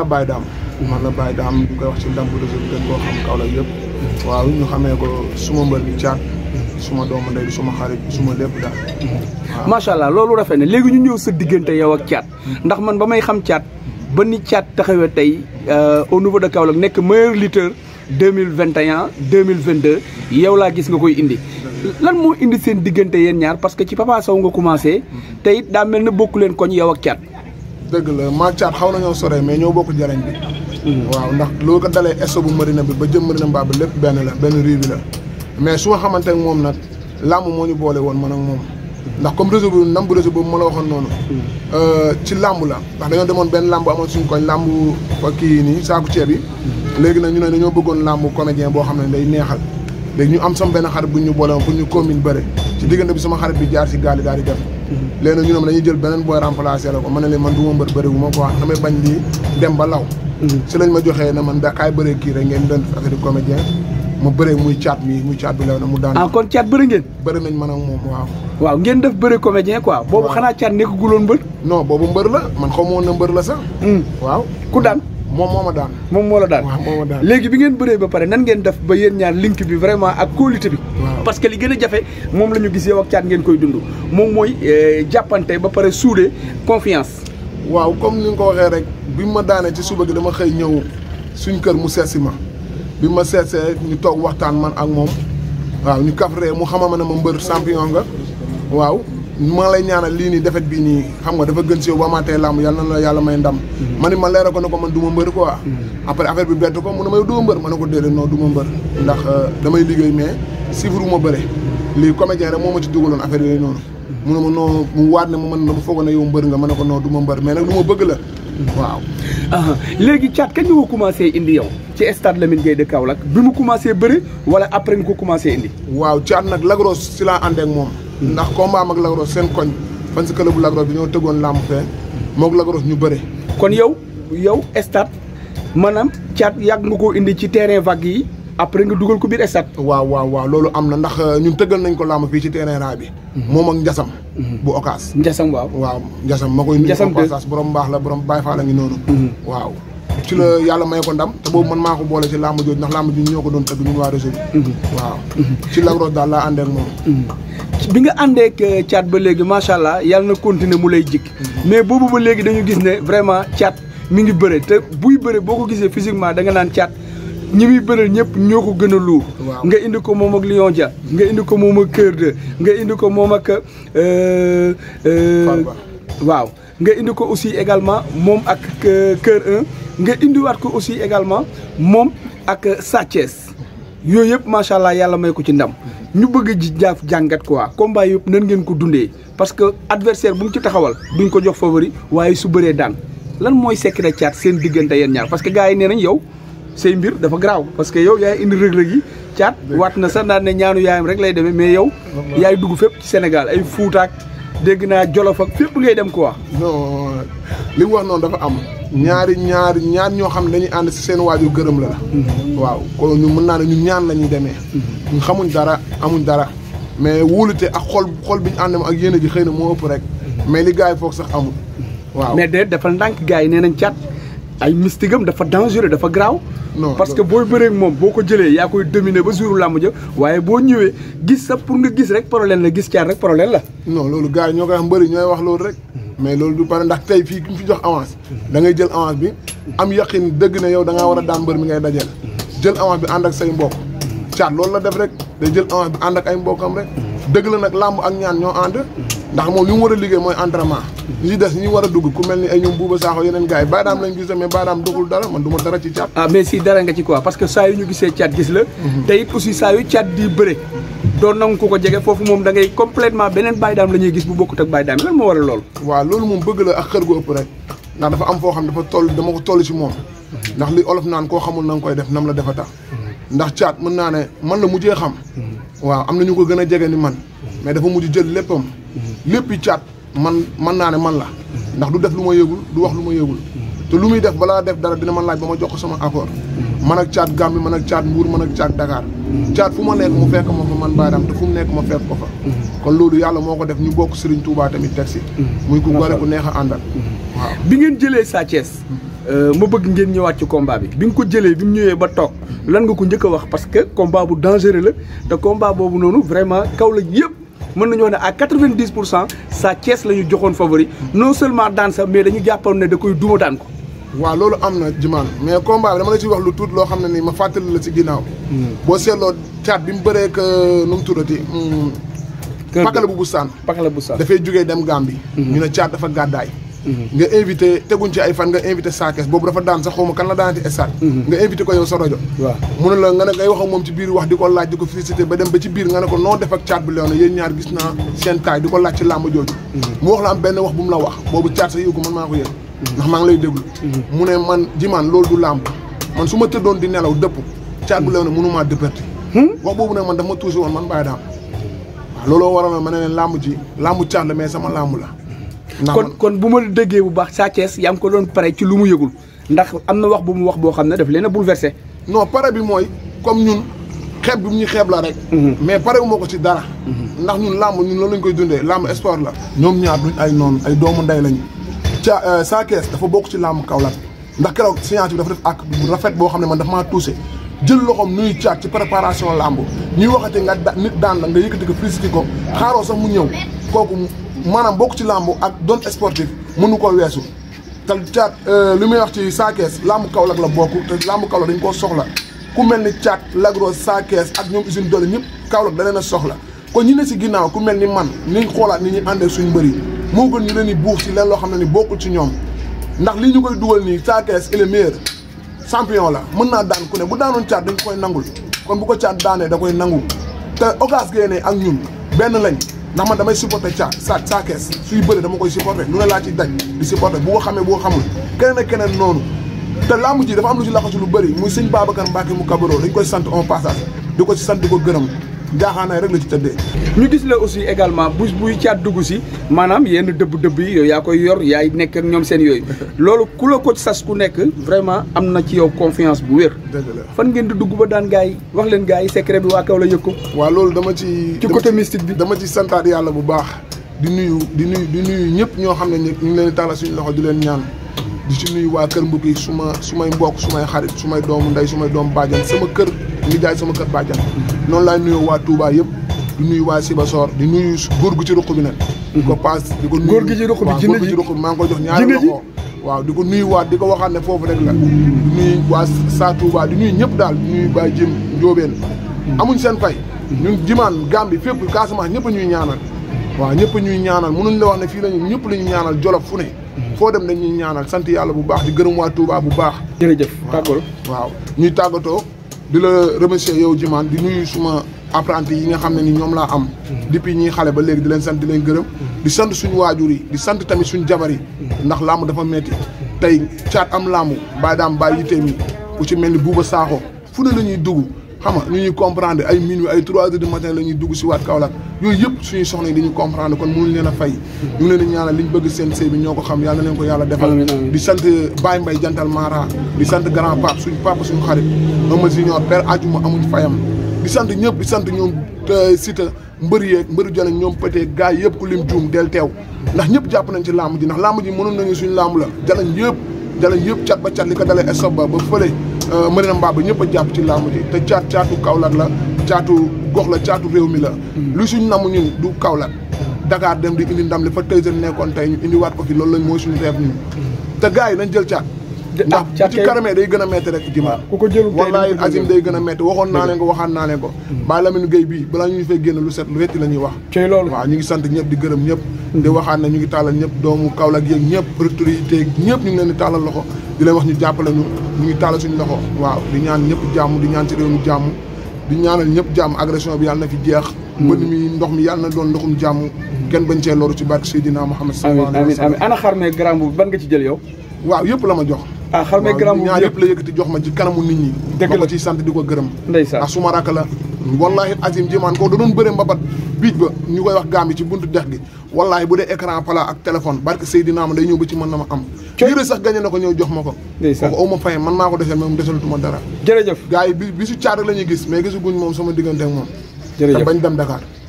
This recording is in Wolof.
la Baye Dame man la Baye Dame ñu koy wax ci ndambu réseau bi xam kaw la yëpp waaw ñu xamee ko suma mbër bi suma doomu suma xarit suma lépp allah loolu rafet na léegi ñu ñëw sa diggante yow ak caat hmm. ndax man ba may xam caat ba ni caat taxawee tey euh, au niveau de Kaolack nekk meilleur lutteur deux mille vingt et un mille vingt deux yow laa gis nga koy indi lan moo indi seen diggante yéen ñaar parce que ci Papa nga commencé hmm. te daa mel na bokku leen koñ yow ak caat dëgg la Macaat xaw nañoo sore mais ñoo bokk jarañ bi. waaw ndax loo ko dalee esto bu marina bi ba jëm marina mbaa bi lépp benn la benn riz bi la. mais su ma xamante ne moom nag làmb moo ñu boole woon ma nag moom. ndax comme réseau bi nam bu réseau boobu ma la waxoon noonu. Euh, ci làmb la ndax dañoo demoon benn làmb amoon suñu koñ làmb kii nii saaku ceeb yi. léegi nag ñu ne dañoo bëggoon làmb comédien boo xam ne day neexal. léegi ñu am sama benn xarit bu ñu boole woon pour ñu commune bëre ci diggante bi sama xarit bi jaar si gaal yi daal léegi nag ñu ne ma dañuy jël beneen booy remplacé la ko ma ne leen man du ma mbër bëri ko wax damay bañ di dem ba hmm. si lañ ma joxee ne man da kaay kii rek ngeen doon affaire comédien mu bëree muy caat mi muy na mu daan ah kon caat bëri ngeen bëri nañ man ak moom waaw waaw ngeen def bëri comédien quoi boobu xanaa caat nekkaguloon mbër non boobu mbër la man xaw ma woon na mbër la sax hmm. waaw ku daan moom moo ma daan moom moo la daan léegi bi ngeen bëree ba pare nan ngeen def ba yéen ñaar link bi vraiment ak kóolite bi parce que li gën a jafe moom la ñu gis yow caat ngeen koy dund moom mooy eh, jàppante ba pare suude confiance waaw comme ni nga ko waxee rek bi ma daanee ci suba gi dama xëy ñëw suñ kër mu seetsi ma bi ma seesee ñu toog waxtaan man ak moom waaw ñu kaf ree mu xamama ne ma mbër champion nga waaw ma lay ñaanal li ni defet bi ni xam nga dafa gën ci yow bamaatee lamb yalla na la yalla may ndam mané mm-hmm. ma léra ko ne ko man duma mbeur quoi mm-hmm. après affaire bi bëtt ko mu ne ma yow du ma mbër ko ndax euh, damay liggéey mais sifru ma bëre lii comédien rek moma ci dugulon affaire yi non mm-hmm. mu ne ma mu waat né mu man na fogo ne yow mbeur nga ma ne ko non du ma mais nak duma bëgg la waaw ah, légui chat kañ nga commencé indi yow ci stade Lamine gay de Kaolack bimu commencé béré wala après nga ko commencé indi waaw chat nak la si sila andé ak mom ndax combat am ak Lac seen koñ fan si club bu Lac bi ñoo tëggoon làmb fee moog Lac Rose ñu bëre. kon yow yow stade maanaam caat yàgg nga ko indi ci terrain vague yi après nga dugal ko biir stade. waaw waaw waaw loolu am na ndax euh, ñun tëggal nañ ko làmb fii ci terrain raa bi. Mhm. moom ak njasam. Mhm. bu okaas. njasam waaw waaw njasam ma koy. njasam nuyu borom baax la borom Baye Fall la ngi noonu. Mhm. waaw. ci la yàlla may ko ndam te boobu man maa ko boole ci làmb jooju ndax làmb jooju ñëw ko doon tëgg ñun waa mhm. waaw mhm. ci Lac Rose daal laa àndee ak moom mhm. bi nga àndee ak euh, ba léegi macha allah yàlla na continuer mu lay jik mais boobu ba léegi dañu gis ne vraiment Thiat mi ngi bëre te buy bëre boo ko gisee physiquement da nga naan Thiat ñi muy bëral ñëpp ñoo ko gën a luur nga indi ko moom ak Lion Dia nga indi ko moom ak Cœur de nga indi ko moom ak euh, euh, nga indi ko aussi également moom ak Cœur nga indiwaat ko aussi également moom ak Sa Thiès yooyu yëpp macha allah yàlla may ko ci ndam ñu bëgg ji jaaf jàngat quoi combat yëpp nan ngeen ko dundee parce que adversaire bu mu ci taxawal ñu ko jox favori waaye su bëree daan lan mooy sekki secret caat seen diggante yeen ñaar parce que gars yi nee nañ yow say mbir dafa garaaw parce que yow yaay indi rëg-rëg yi caat waat na sa naan ne ñaanu yaayam rek lay demee mais yow yaay dugg fépp ci Sénégal ay fuutaak dégg naa jolof ak fépp ngay dem ko wax li mu wax noonu dafa am ñaari ñaari ñaar ñoo xam ne dañuy ànd si seen waajur gërëm la la waaw kon ñu mën naa ne ñu ñaan la ñuy demee ñu xamuñ dara amuñ dara mais wóolute ak xol xol bi ñu ànd ak yéene ji xëy na moo ëpp rek mais li gars yi foog sax amul waaw mais de dafa ndànk gars yi nee nañ cat ay mystique am dafa dangereux dafa graaw parce que booy bëreeg moom boo ko jëlee yaa koy dominer ba jouru làmb ja waaye boo ñëwee gis sa pour nga gis rek problème la gis caar rek problème la non loolu gaa yi ñoo ko wax mbëri ñooy wax loolu rek mais loolu du pare ndax tey fii ki fi jox avance da ngay jël avance bi am yaqin dëgg ne yow da ngaa war a daan mbër mi ngay dajeel jël avance bi ànd ak say mbokk caat loolu la def rek day jël avance bi ànd ak ay mbokkam rek dëgg la nag làmb ak ñaan ñoo ànd ndax moom li mu war a liggéey mooy entraînement ñu des ñu war a dugg ku mel ni ay ñoom buuba saaxo yeneen gars yi baadaam lañ gis mais baadaam doxul dara man du ma dara ci caat ah dara nga ci quoi parce que saa yu ñu gisee caat gis la mhm. te it aussi saa yu caat di bëre doon nangu ko ko jege foofu moom da ngay complètement beneen bàyyi daam la ñuy gis bu bokkut ak bàyyi daam lan moo a loolu waaw loolu moom bëgg la ak xër gu ëpp rek ndax dafa am foo xam dafa toll dama ko toll ci moom ndax li olof naan koo xamul na nga koy def nam la dafa tax mhm. ndax naa ne man la mujjee xam mhm. waaw am na ko gën a jege ni man mais dafa mujj jël léppam lépp caat man man naa ne man la ndax du def lu ma yëgul du wax lu ma yëgul te lu muy def balaa def dara dina ma laaj ba ma jox ko sama apport man ak caat Gambie man ak caat Mbuur man ak caat Dakar caat fu ma nekk mu fekk moom fa man Baye Dame te fu mu nekk ma fekk ko kon loolu yàlla moo ko def ñu bokk Serigne Touba tamit teg si muy ku gore bu neex a àndal bi ngeen jëlee Sa Thiès euh, ma bëgg ngeen ñëwaat ci combat bi bi nga ko jëlee bi mu ñëwee ba toog lan nga ko njëkk wax parce que combat bu dangereux la te combat boobu noonu vraiment kaw yëpp mën nañoo ne à 90% sa Thiès la ñu joxoon favori non seulement dans sa mais dañu jàppoon ne da koy duma daan ko. waaw loolu am mais combat bi dama la ciy wax lu tuut loo xam ne nii ma fàttali la ci ginnaaw. Hmm. boo seetloo caat bi mu bëree euh, nu mu tuddati. Hmm, Pakala bu Busaan. Pakala bu Busaan dafay jugee dem Gambie. Hmm. ñu ne caat dafa gàddaay. nga invité teguñ ci ay fan nga invité saakees boobu dafa daan sax xaw ma kan la daanati estade mhm. nga invité ko yow sa rajo waaw mu ne la nga ne ngay wax ak moom ci biir wax di ko laaj di ko félicité ba dem ba ci biir nga ne ko noo def ak caat bi leona yéen ñaar gis naa seen taay di mhm. mu wax la am benn wax bu mu la wax boobu caat sa yëgu man maa ko yëg mhm. ndax maa ngi lay déglu mu ne man jimaan loolu du làmb man su ma tëddoon di nelaw dëpp caat bi leona mënumaa dëpperti hmm? wax boobu ne man dafa ma tuusi woon man bàyyi daam waaw looloo waral ma ne leen làmb ji làmb caat la sama làmb la kon kon bu ma bu baax Sa Thiès yaa ko doon paré ci lumu mu ndax amna wax bu mu wax bo xamné daf léna bouleversé non paré bi moy comme ñun xeeb bi ñu ñuy la rek mhm. mais paré wu moko ci dara mhm. ndax ñun lamb ñun loolu lañ koy dundé lamb espoir la ñom ñaar duñ ay non ay doomu nday lañu ca euh, Sa Thiès dafa bok ci lamb Kaolack ndax keroog séance dafa def ak bu rafet bo xamné man dafa ma touché jël loxom nuy caat ci préparation lamb ñuy waxati nga nit daan la nga yëkkati ko félicité ko xaaroo sax mu ñëw kooku maanaam bokk ci làmb ak doon sportif mënu koo weesu te caat euh, li muy wax ci saakees làmb Kaolack la bokk te làmb Kaolack dañ koo soxla ku mel ni caat lagros saakees ak ñoom usine doole ñëpp Kaolack da leen soxla kon ñi ne si ginnaaw ku mel ni man ni xoolaat ni ñuy àndee suñu mbëri moo gën ñu leen di buux ci leen loo xam ne ni bokkul ci ñoom ndax li ñu koy dugal nii saakees il est meilleur la mën naa daan ku ne bu daanoon caat dañ koy nangul kon bu ko caat daanee da koy nangu te ogas génnee ak ñun benn lañ ndax man damay supporter ca sa saa kees suy bëri dama koy supporter lu ne laa ci daj di supporter bu ko xamee bu ko xamul keneen ak keneen noonu te làmb ji dafa am lu ci laxasu lu bëri muy sëñ Babacar Mbacke mu Kabaro dañ koy sant en passage di ko ci sant di ko gërëm jaxaanaay rek la ci tëddee ñu gis la aussi également bu buy caat dugg si maanaam yenn dëbb-dëbb yi yow yaa koy yor yaay nekk ak ñoom seen yooyu loolu ku la ko sas ku nekk vraiment amna na ci yow confiance bu wér fan ngeen di dugg ba daan gars yi wax leen gars yi secret bi waa kaw la yëg ko waaw loolu dama ci ci côté mystique bi dama ci santaat yàlla bu baax di nuyu di nuyu di nuyu ñëpp ñoo xam ne ñu leen tàllal suñu loxo di leen ñaan di ci nuyu waa kër mbokk yi su ma mbokk su xarit su doomu ndey su may doom sama kër di jaay sama kër bàjjan noonu laay nuyoo waa Touba yëpp di nuyu waa Sibassor di nuyu góor gu ci ruq bi nag di ko di góor gi ci ruq bi góor gi ci ruq bi maa ngi ko jox ñaari loxo waaw di ko nuyu waat di ko waxaat foofu rek la di waa saa Touba di nuyu ñëpp daal di nuyu Baye Jim Njóobeen amuñ seen pay ñun jimaan Gàmbi fépp Casamance ñëpp ñuy ñaanal waaw ñëpp ñuy ñaanal mënuñ la wax ne fii lañu ñëpp la ñu ñaanal jolof fu ne foo dem ñu ñaanal sant yàlla bu baax di gërëm waa Touba bu baax jërëjëf tàggatoo waaw di la remercier yow Jimaan di nuyu suma apprenti yi nga xam ne ni ñoom laa am. depuis ñuy xale ba léegi di leen sant di leen gërëm. di sant suñu waajur yi di sant tamit suñu jabar yi. ndax laamu dafa metti tey caat am laamu bàyyi daam bàyyi yitteem yi ku ci mel ni buuba saaxo fu ne la ñuy dugg. xam nga ñu ñuy comprendre ay minuit ay trois heures matin la ñuy dugg si waat Kaolack yooyu yëpp suñuy soxna yi dañuy comprendre kon mënuñ leen a fay ñu ngi leen di ñaanal li ñu bëgg seen sëy bi ñoo ko xam yàlla leen ko yàlla defal di sant Baye Mbaye jantal Mara di sant grand pape suñu papa suñu xarit ama junior père ajuma amuñ fayam di sant ñëpp di sant ñoom euh, sita mbër yeeg mbëru ñoom pëtee gars yëpp ku lim juum del teew ndax ñëpp jàpp nañ si lamb ji ndax lamb ji mënoon nañu suñu lamb la jalañ yëpp jalañ yëpp cat ba Euh, Marina ba ñëpp a jàpp ci làmb ji te caat caatu Kaolack la caatu gox la caatu réew mi la. Mm. lu suñ namu ñun du Kaolack. Dakar dem di indi ndam li fa tey nekkoon tey ñu indiwaat ko fi loolu lañ mooy suñu rêve ñun. Mm. te gars yi nañ jël caat. ndax ah, ci kanamee day gën a metti rek jimaa ku ko jël day gën a metti waxoon naa leen ko waxaan naa leen ko mm. Baye Lamine Gueye bii balaa ñu ñu génn lu set lu wetti la wax ci loolu waaw ñu ngi sant ñëpp di gërëm ñëpp di mm. waxaan ne ñu ngi tàllal ñëpp doomu Kaolack yeeg ñëpp autorité yeeg ñëpp ñu ngi leen di tàllal loxo di leen wax ñu jàppale ñu ñu ngi tàllal suñu loxo waaw di ñaan ñëpp jàmm di ñaan ci réew mi jàmm di ñaanal ñëpp jàmm agression bi yàlla na fi jeex mm. mbënn mi ndox mi yàlla na doon jàmm kenn bañ cee loru ci barke Seydina Muhammad sallallahu alayhi wa sallam amiin amiin ana xar me gramme bu ban nga ci jël yow waaw ah xam nga garaam ñaar yëpp la yëkkati jox ma ci kanamu nit ñi dëgg la ma sant di ko gërëm ndeysaan ndax ah, suma rakk la wallaahi azim jimaan ko da doon ba mbabat biij ba ñu koy wax gaam yi ci buntu dex gi wallaahi bu dee écran ak ak téléphone barke Seydina ma day ñëw ba ci mën na ma am yëre sax gañe na ko ñëw jox ma ko ko aw ma fay man maa ko defee moom desalutuma dara jërëjëf gars yi bi bi su caar la ñuy gis mais gisuguñ moom sama diggante ak moom te bañ dem Dakar